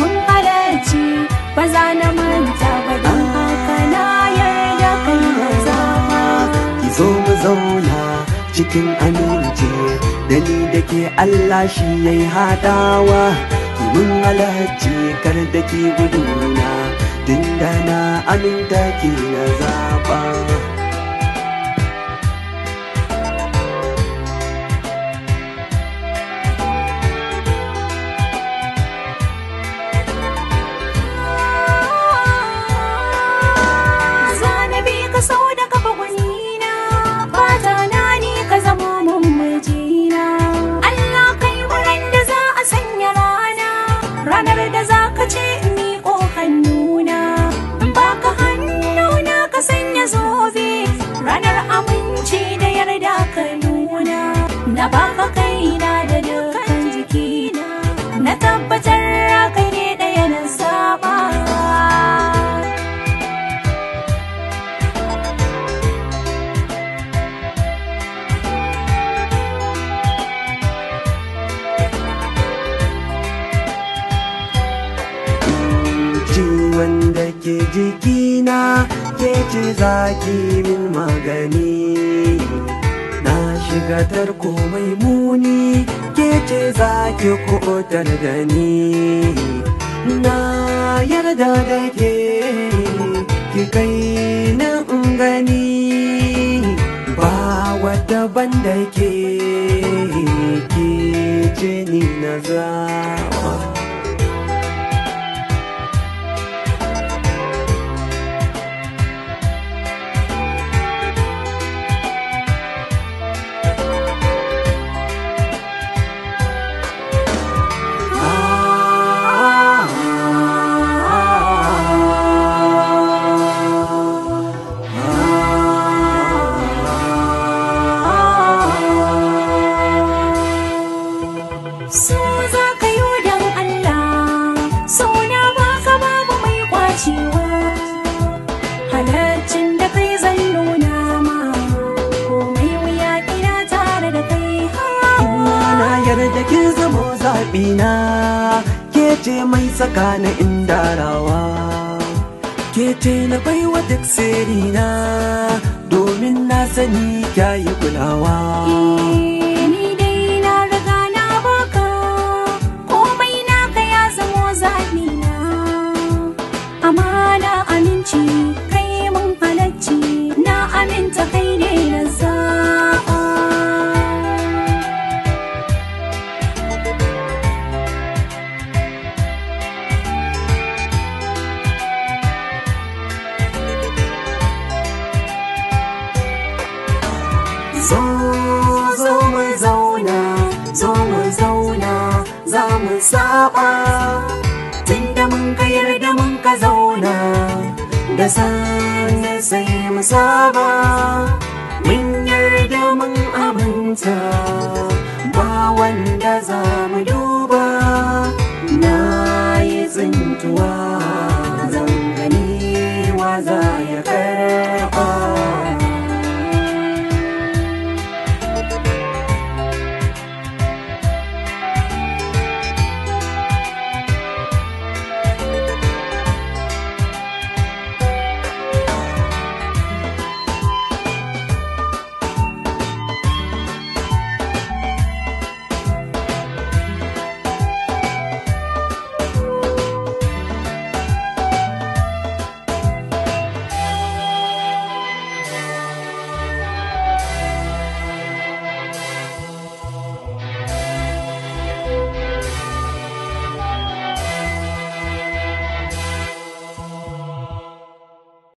mun halarci ba za na manta ba don haka na yarda kai maza ki zo mu zauna cikin amince, da ni da ke Allah shi ya yi haɗawa ki mun halarci kar da ke guduna tunda na aminta ki na zaɓa. wanda ke jikina ke ce zaki min magani na shiga tarko mai muni ke ce zaki kuɓutar da gani na yarda da ke ki kai na gani ba wata banda ke ke ce ni na za kin zamo zaɓina ke ce mai saka in indarawa ke ce na baiwa duk sirina domin na sani kyayi kulawa eh, ni dai na riga na baka komai naka ya zamo zaɓina amana aminci kai mun halacci na aminta kai zo mu zauna zo mu zauna za mu saba tunda mun ka yarda mun ka zauna da sanya sai mu saba mun yarda mun aminta ba wanda za mu duba na yi tsintuwa zan gani wa zaya.